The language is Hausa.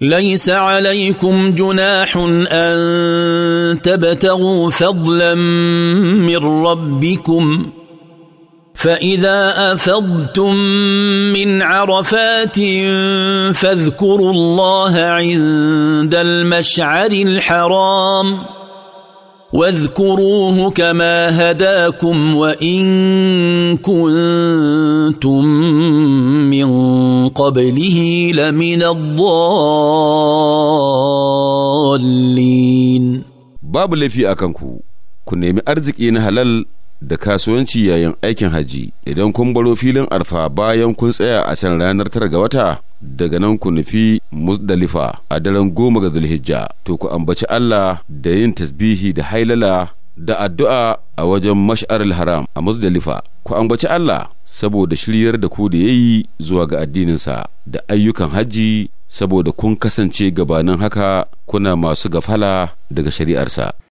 ليس عليكم جناح ان تبتغوا فضلا من ربكم فاذا افضتم من عرفات فاذكروا الله عند المشعر الحرام واذكروه كما هداكم وان كنتم من قبله لمن الضالين babu laifi a kanku ku nemi arziki na halal da kasuwanci yayin aikin haji idan kun baro filin arfa bayan kun tsaya a can ranar tara ga wata daga nan ku nufi musdalifa a daren goma ga zulhijja to ku ambaci Allah da yin tasbihi da hailala da addu'a a wajen mash'ar haram a musdalifa ku ambaci Allah saboda shiryar da ku da ya yi zuwa ga addininsa da ayyukan hajji saboda kun kasance gabanin haka kuna masu gafala daga shari'arsa.